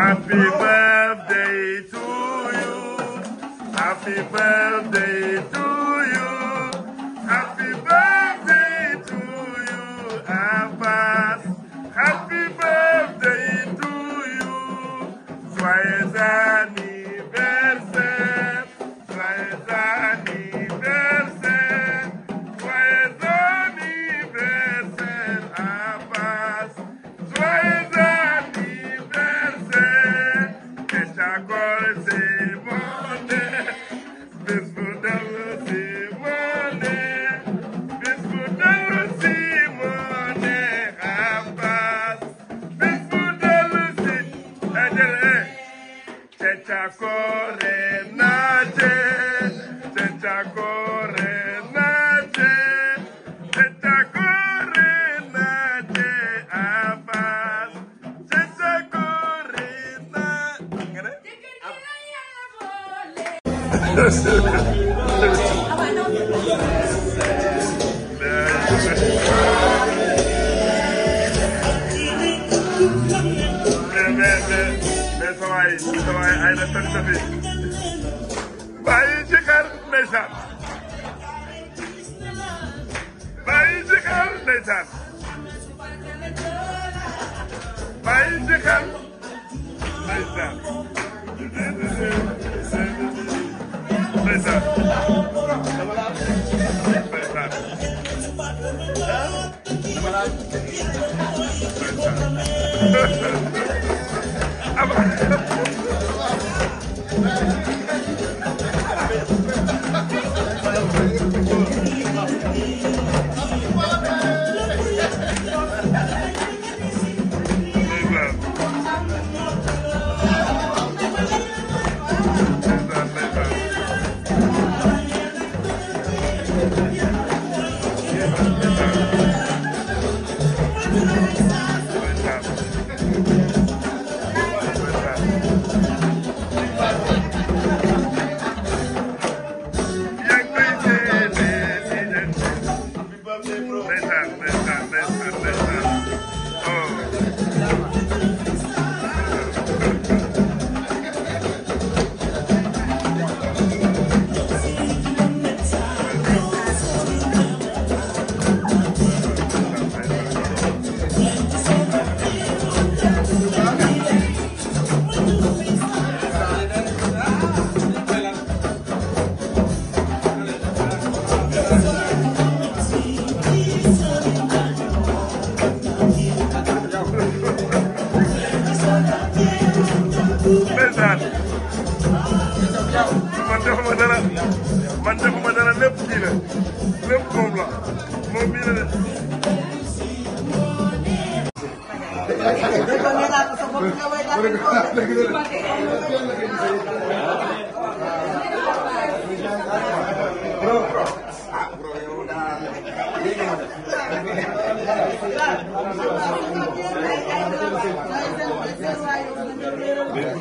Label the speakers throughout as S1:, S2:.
S1: Happy birthday to you. Happy birthday. ko waaye ay na toj na fi bàyyi jëkkër ndeysaan bàyyi jëkkër ndeysaan bàyyi jëkkër ndeysaan ndeysaan ndeysaan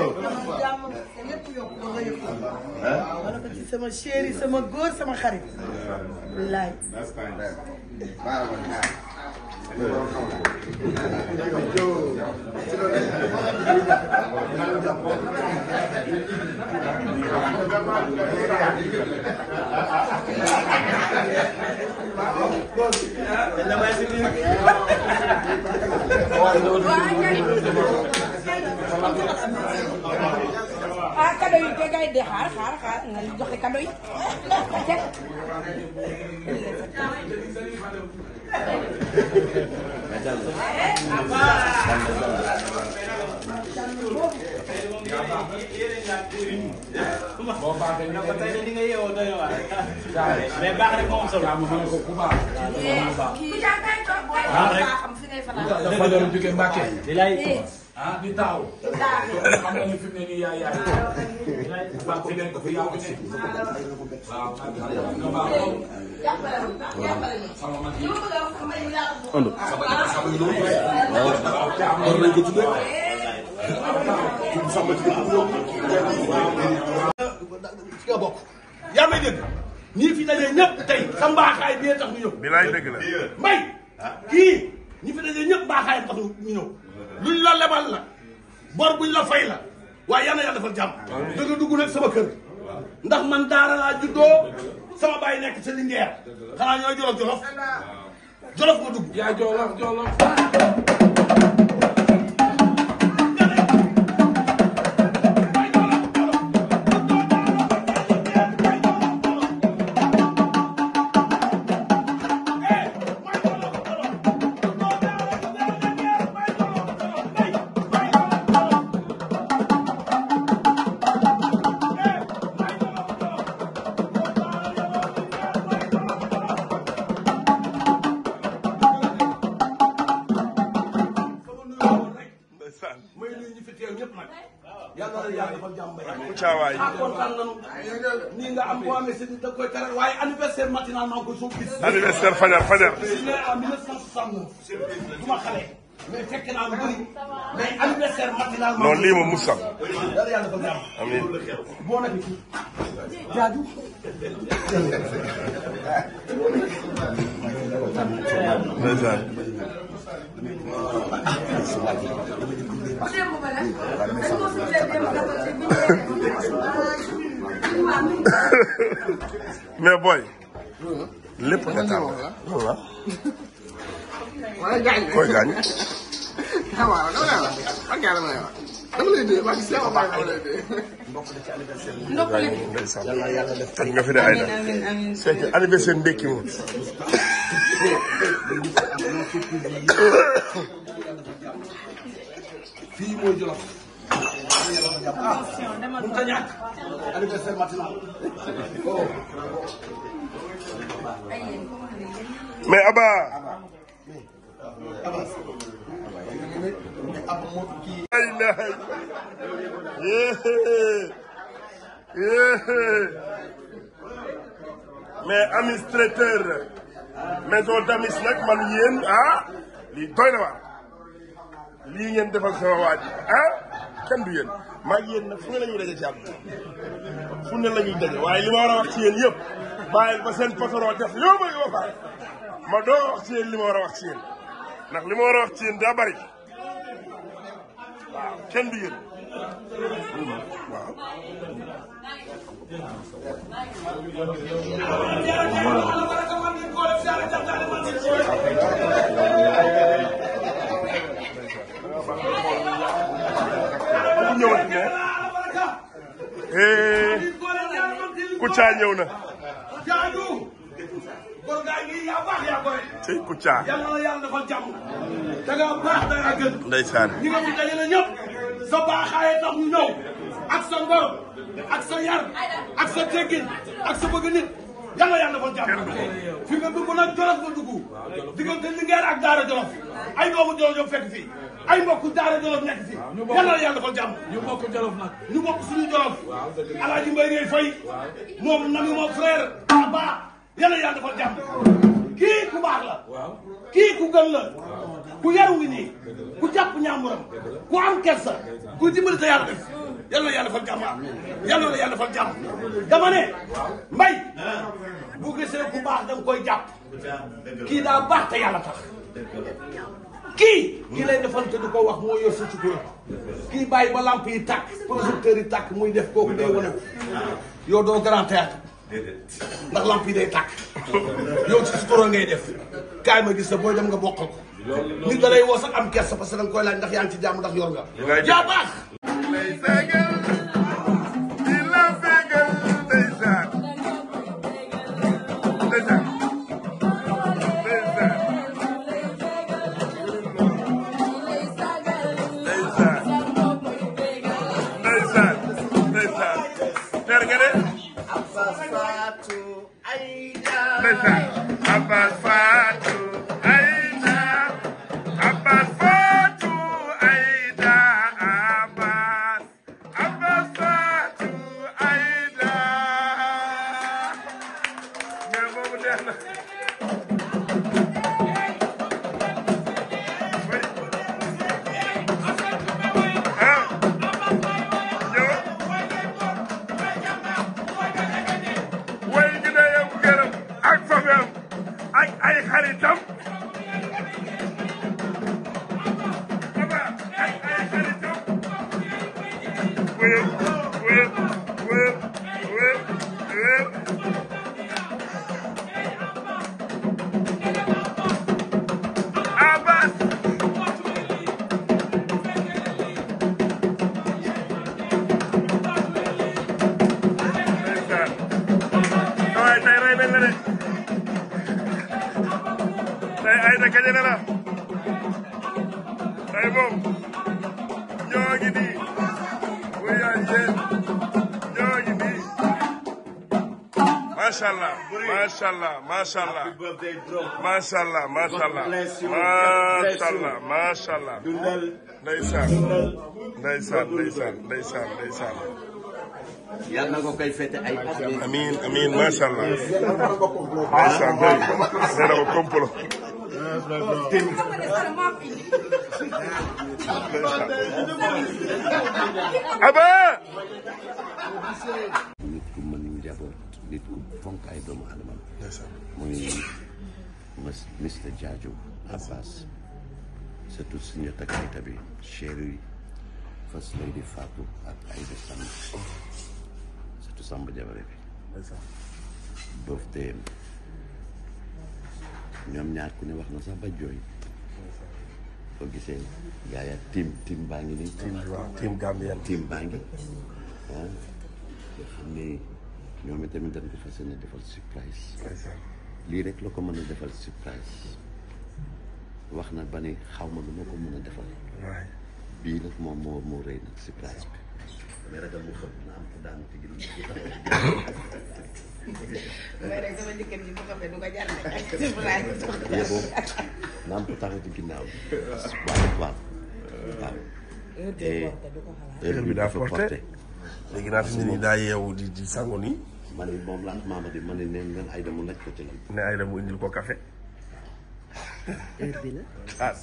S2: loolu. ci sama chéri sama góor sama xarit. bilaay. ah kado yi kay kay de xaar xaar xaar nga joxe kado yi boo baaxee ñu ko tey li nga yeewoo doy waar.
S3: mais baax rek moo am solo. ma ne ko
S2: ku baax. ku baax rek. dafa doon jóge Mbàkke. ah di taaw. di taaw xam nga ni fi mu ne nii yaay yaay. waaw fi nekk fi yaa ko nekk. waaw nga baax lool. jàppale wu jàppale wu. sama man kii. ando. waaw te am nañ ko tuddee. sama kii am nañ ko tuddee. ci nga bokk. yaa may dégg ñii fi daje ñëpp tey sa mbaaxaay bee tax ñu ñëw. bi laay dégg la. mbay kii. baaxaayam tax ñu ñëw luñ la lebal la bor buñ la fay la waaye yal na yàlla defal jàmm da nga dugg nag sama kër ndax man daara laa juddoo sama baay nekk sa lingeer xanaa ñooy jolof jolof jolof ma dugg yaa jolof jolof bu caawaay ah kontaan nañu nii nga am boo amee seen da koy teral waaye anniversaire matinal maa ko soog gis anniversaire fajar fajar ne en 1969 du ma xale mais fekk naa lu bëri mais anniversaire matinal non lii moom musam dara yàlla ko jàmm amiin moo nekk jaaju
S4: ndeysaan mais booy. lépp nga taal la.
S1: wala gaañ. koy gaañ. waaw dama la wax
S4: ak yàlla ma la wax. dama lay dee maa ngi seetlu baax dama lay dee. ndokk la ci anniversaire. nga fi de Aïda. c'est que anniversaire ndekki
S3: moom.
S2: fii mooy Jolof ah mais Aba
S4: mais amis traiteur maison d'amis ah lii doy na waar lii ngeen defal sama waa ji ah kenn du yéen maa ngi nag fu ne la ñuy daje ci fu ne la ñuy daje waaye li ma war wax ci yéen yëpp bàyyil ba seen patron def yow ma yow faal ma doo wax ci yéen war a wax ci ndax li war a wax daa bari kenn du yéen
S1: waaw. ñëwati ne
S2: eh Kouthia ñëw na. tey Kouthia. ndeysaan. sa baaxaay tax ñu ñëw ak sa ngor ak sa yar ak sa teggin ak sa bëgg nit yàlla yàlla dafa jàmm fi nga dugg nag jolof nga dugg diggante Linguère ak Daara Jolof ay doomu jolof fekk fii ay mbokk daara jolof nekk fi yàlla yàlla defal jàmm ñu bokk jolof nag ñu bokk suñu jolof alaaji mbay ngay fay moom nami moom frère ba yàlla yàlla defal jàmm kii ku baax kii ku gën la ku yaru ngi nii ku jàpp ñaamuram ku am kersa ku dimbali te yàlla def yàlla yàlla defal jàmm yàlla dama ne mbay bu gisee ku baax danga koy jàpp kii daa baax te tax kii kii lay defal te du ko wax moo yor sa sutura kii bàyyi ba lamp yi tàkk projecteur yi tàkk muy def kooku day wane yow doo grand théâtre ndax lamp yi day tàkk yow ci sutura ngay def kaay ma gis la booy dem nga bokkal ko nit da woo sax am kersa parce que da nga koy laaj ndax yaa ngi ci jàmm ndax yor nga yaa
S1: xaritam macha allah macha allah macha allah macha allah macha allah macha allah macha allah ndeysaan
S4: ndeysaan ndeysaan ndeysaan ndeysaan yàlla nga koy fete ay at. amiin amiin macha allah. macha allah. nee na ko complot.
S1: Abba.
S5: muy Mr Diadio Abbas surtout suñu takkayta bi chéri First Lady Fatou ak Aïda Samb surtout Samba bi boof téyem ñoom ñaar ku ne wax na sax ba jooy boo gisee gaa ya tim tim baa ngi nii tim baa ngi nga ñoom itamit dañ ko fas defal surprise lii rek la ko mën a defal surprise wax na ba ne xaw ma lu ma ko mën a defal bii nag moom moo rëy nag surprise bi mais ragal mu ci ginnaaw ci taxaw waaye rek waaw waaw heure bi daa léegi naa fi
S4: mu ne nii di di sangu nii. ma ne moom la Mamady ma ne neen leen Aïda mu laaj ko ci lan. Ah,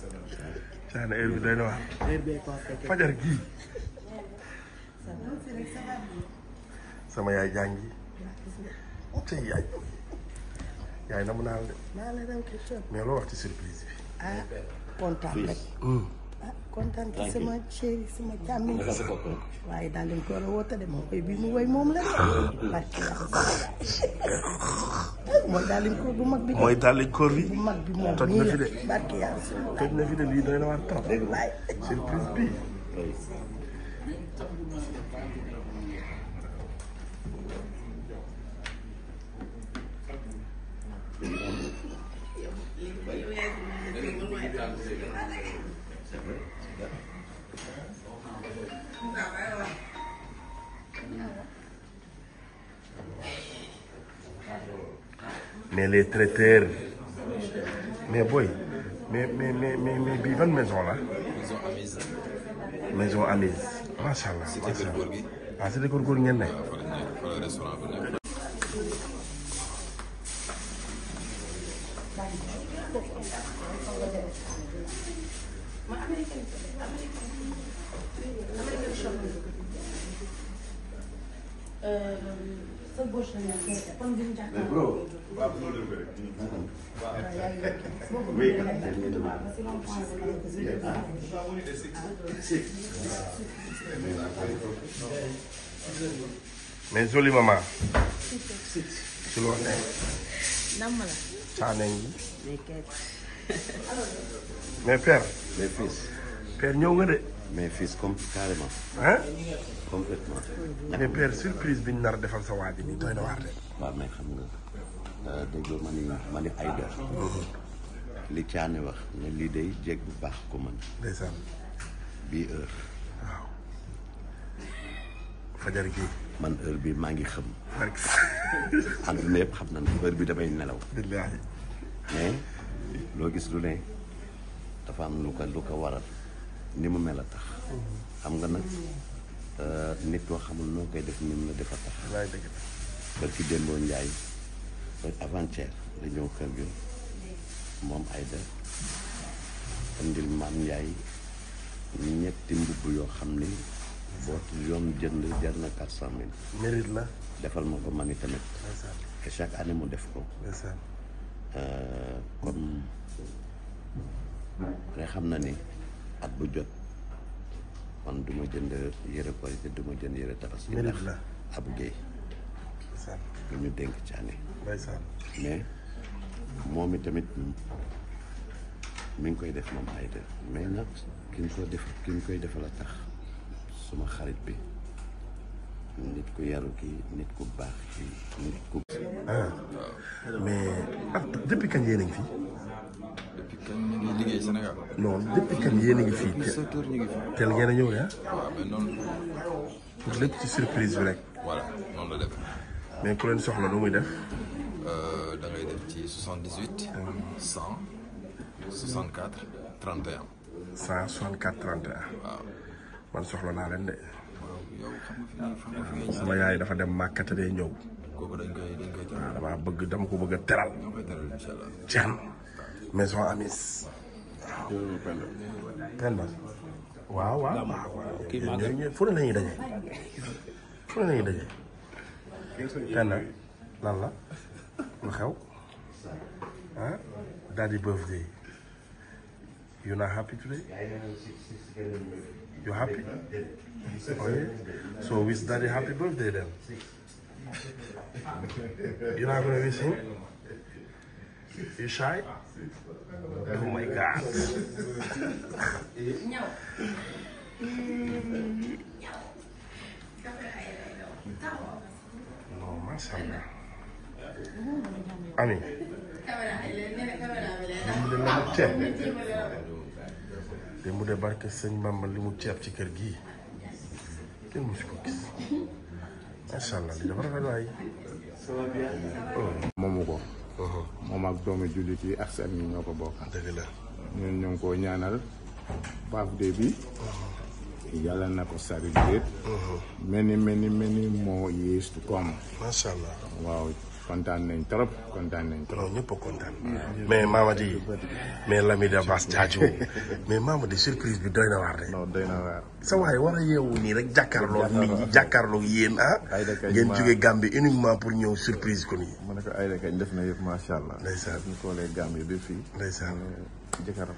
S4: fajar gii. sama yaay jàngi. Oh, tey yaay. yaay na de. mais loo surprise bi. ah kontaan
S2: kontaan ci sama chéri sama càmmiñ waaye daal dañ ko war a woote de moom koy bii mu woy moom la barki yàlla
S3: mooy daal dañ ko bu
S2: mag bi mooy daal
S4: dañ ko bi bu mag bi moom toj na fi de barki yàlla toj na fi de lii doy na waar trop waay surprise bi Thank you. mais les traiteurs mais booy mais mais mais mais bii ban maison la. maison Amise. maison Amise. macha allah macha allah ah c'est góor góor ngeen ne. mais jolie maman. si si. su loolu nee.
S5: namm la. saa nañ. mais père. mais fils. père ñëw nga de. mais fils comme carrément. ah. mais père
S4: surprise bi ñu nar defal sa waa ji nii doy na waar de.
S5: waaw mais xam nga euh, déggoo ma ni ma ni ay dër. Mm-hmm. li caane wax ne lii day jéeg bu baax ko mën. ndeysaan. bii heure. fajar gii. man heure bi maa ngi xam. àdduna yëpp xam na ne heure bi damay nelaw. mais. loo gis lu ne dafa am lu ko lu ko waral ni mu mel a tax nga nag euh, nit koo xamul noo koy def ni mu la defa tax kër ci démboo njaay avant-hier la ñëw kër gi moom ay def indil maam njaay ñetti mbubb yoo xam ni boo yoon jënd jar na quatre cent mille la defal ma ko man i tamit te chaque année mu def ko Euh, comme nga xam na ni at bu jot man du ma jënd yëre korité du ma jënd yëre tabaski ndax Abou Guèye lu ñu dénk caane
S4: mais
S5: moom i tamit mi ngi koy def moom ay def mais nag ki ñu def ki ñu koy defal a suma xarit bi nit ku yaru kii nit ku baax kii
S4: nit ku. ah mais ah kañ yéen a ngi fi. depuis kañ ñu ngi liggéey Sénégal. non kañ yéen ngi fi.
S3: teel ngeen a ñëw de ah? mais noonu. pour ci surprise bi rek.
S4: voilà noonu la def. mais ku leen soxla nu def. Euh, da def ci 78. 100 64 31. 164 man soxla naa leen de. sama yaay dafa dem Màkka te day ñëw. waaw damaa bëgg dama ko bëgg a teral. Thiam maison Amis. waaw waaw waaw waaw fu ne la ñuy daje fu ne la ñuy daje. Penda lan xew ah daal di bëf de. You're not happy today? You're happy? Oh, yeah? So wish daddy happy birthday then. You're not gonna miss him? You shy? Oh my God. No. No, masha Allah. Amin. te mu dee barke sëñ Bamba li mu ceeb ci kër gii
S3: kenn oh. moomu ko. Uh-huh. moom ak doomi jullit yi ak seen ñoo ko bokk. dëgg la ñun ñaanal Pape Dé bi uh-huh. yàlla na ko sari déet. mel ni mel moo yées tu waaw. kontaan nañ trop kontaan nañ trop. ñëpp a kontaan
S1: mais Mamady
S3: mais Lamine Abass Diadio mais Mamady surprise bi
S4: doy na waar de. non doy na waar. sa waay war a yeewu nii rek jàkkaarloog nit ñi jàkkaarloog yéen ah. ngeen jógee Gambie uniquement pour ñëw surprise ko nii. ma ne ko Aïda Kañ def na yëpp macha allah. ndeysaan
S3: ñu xoolee Gambie bi fii. ndeysaan jëkkëram.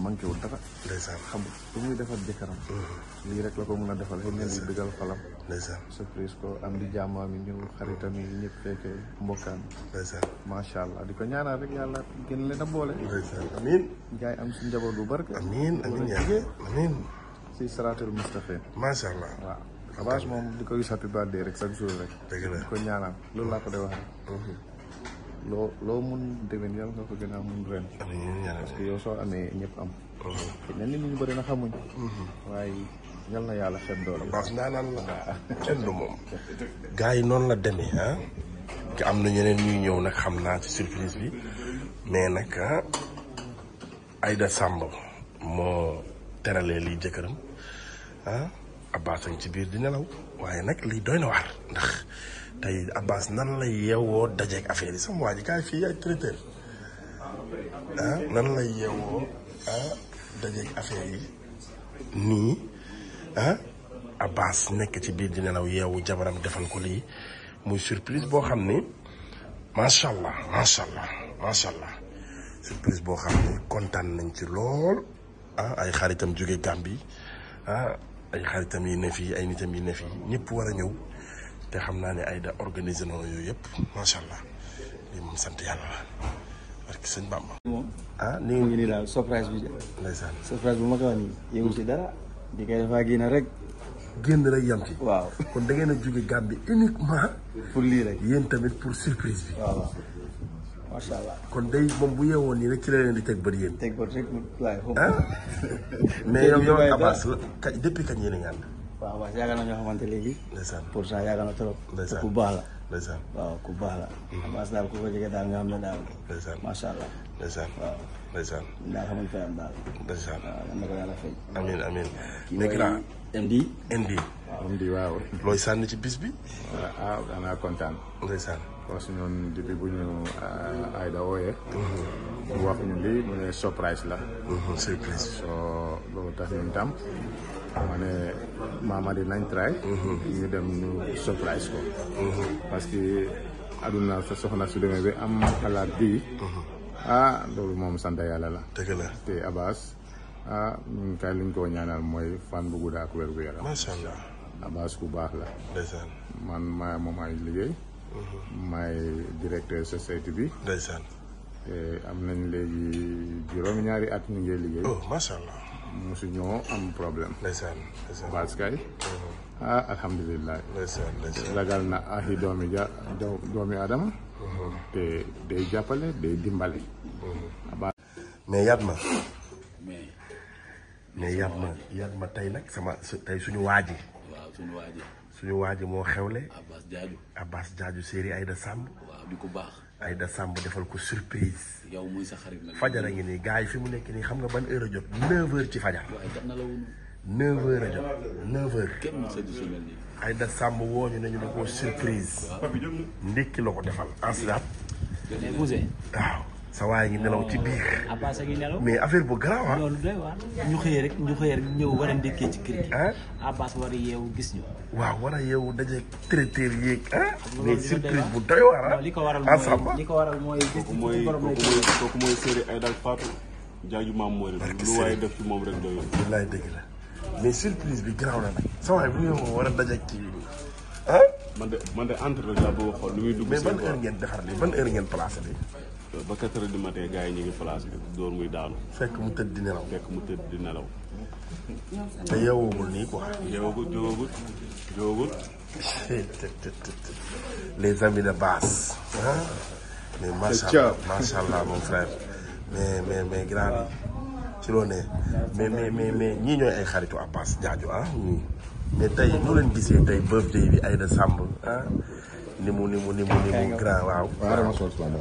S3: manqué wul dara. ndeysaan xamul bu muy defar jëkkëram. Mm-hmm. lii rek la ko mën a defal pour ngeen di bëggal xolam. ndeysaan surprise ko am di jàmmaam yi ñëw xaritam ñëpp fekkee mbokkaan. ndeysaan macha allah di ko ñaanal rek yàlla gën leen a boole. ndeysaan amiin. am si njaboot bu barke. amiin amiin yaa si saraatul mustaqim. macha allah waaw. Abass moom di ko gis happy birthday rek chaque jour rek. dëgg di ko ñaanal loolu laa ko dee wax loo loo mun déwén yàlla nga ko parce que yow soo amee ñëpp am. xëy na nit ñi na xamuñ. waaye yal na yàlla xet doole. baas ndaanaan la ah. kenn du moom.
S4: yi noonu la demee ah. am na ñeneen ñuy ñëw nag xam naa ci surprise bi mais nag ayda ah, Aïda moo teralee lii jëkkëram ah a ngi ci biir di nelaw waaye nag lii doy na waar ndax. tey Abbas nan lay yeewoo dajeeg affaire yi sama waa ji kaay fii ay traiteur ah, nan lay yeewoo ah dajeeg affaire yi nii ah nekk ci biir di nelaw yeewu jabaram defal ko lii muy surprise boo xam ni macha allah macha allah macha allah surprise boo xam ni kontaan nañ ci lool ah ay xaritam jóge Gambie ah ay xaritam yi ne fii ay nitam yi ne fii ñëpp war a ñëw. te xam naa ni ay da organisé na yooyu yëpp macha allah lii moom sant yàlla la parce que sëñ Bamba. ah ni ngeen ñu nii daal surprise bi. ndeysaan surprise bu ma ko wax nii yëngu si dara di koy dafaa rek. génn rek yam ci. waaw a jóge Gambie uniquement. lii rek yéen tamit pour surprise bi. waaw kon day moom bu yeewoon nii rek ci la leen di teg bët yéen. teg bët ah? mais yow yow Abass depuis kañ yéen a ngi ànd waaw waaw yaakaar naa ñoo xamante léegi. ndeysaan pour ça yaakaar na trop. ndeysaan ku baax la. waaw ku baax la. Mhm. Abass daal ku ko jege daal nga xam ne daal. ndeysaan macha allah. ndeysaan waaw ndeysaan. daal xamuñ fayam daal. ndeysaan waaw yal na waaw MD waaw. looy sànni ci bis bi.
S3: ah danaa kontaan. ndeysaan. parce que ñun depuis bu ñu euh, Aïda wooyee. Mhm. mu wax ñu lii mu ne surprise la. Mhm, surprise. soo loolu tax ñun tam. ma ne maama di nañ try mhm. ñu dem ñu surprise ko mhm. parce que aduna sa soxna su demee ba am xalaat bi mhm. ah loolu moom sant yàlla la dëgg la te Abass ah ñun kay luñ koo ñaanal mooy fan bu gudda ak wér gu yaram macha bu baax la ndeysaan man maa moom ay liggéey maay directeur société bi ndeysaan eh, am nañ léegi juróom ñaari at ñu ngi liggéey oh, macha allah mosu ñoo am problème. ndeysaan ndeysaan Baas Kay. Uh-huh. ah alhamdulilah. ndeysaan na ahi doomi ja doomi Adama. Uh-huh. te day jàppale day dimbale. Uh-huh. mais yaat ma. mais
S4: yaat ma tey nag sama tey suñu waaji. waaw suñu waaji. suñu moo xewle. Abbas Diadio Abbas Diadio Séeri ay Samb. waaw di ko baax. ay Aïda Samb defal ko surprise. yow muy sa xarit a ngi nii gars yi fi mu nekk nii xam nga ban heure a jot 9h ci fajar. neuf heures a jot neuf ay da Samb wooñu nañu da koo surprise ndékki la ko defal en waaw sa waay ngi nelaw ci biir.
S3: Ah, ah, a ngi nelaw mais affaire
S4: bu garaaw ah. loolu ñu xëyee rek ñu xëyee rek ñëw war a ndekkee ci kër gi. Ah? gis ñu. waaw war a yeewu daje traiteur yeeg ah. mais surprise bu doy waar ah. li ko waral mooy li ko waral mooy. kooku mooy kooku mooy séeréer ay daal Fatou. jaaju maam mooy rek lu waaye def ci moom rek doyul. wallaay dëgg la mais surprise bi garaaw a daje kii bi ah. man de a xool lu muy dugg. mais ban heure defar li ban heure ngeen li ba quatre heures du matin gars yi ñu ngi place bi muy daanu. fekk mu tëdd di nelaw fekk mu tëdd di nelaw. te yeewoogul nii quoi. yeewoogul jógagul jógagul. les amis de base. mais macha allah macha mon frère. mais mais mais grand ci loo ne mais mais mais mais ñii ñooy ay xaritu Abass Diadio ah ñii. tey nu leen gisee tey birthday bi Aïda Samb ah ni mu ni mu ni mu ni mu grand waaw.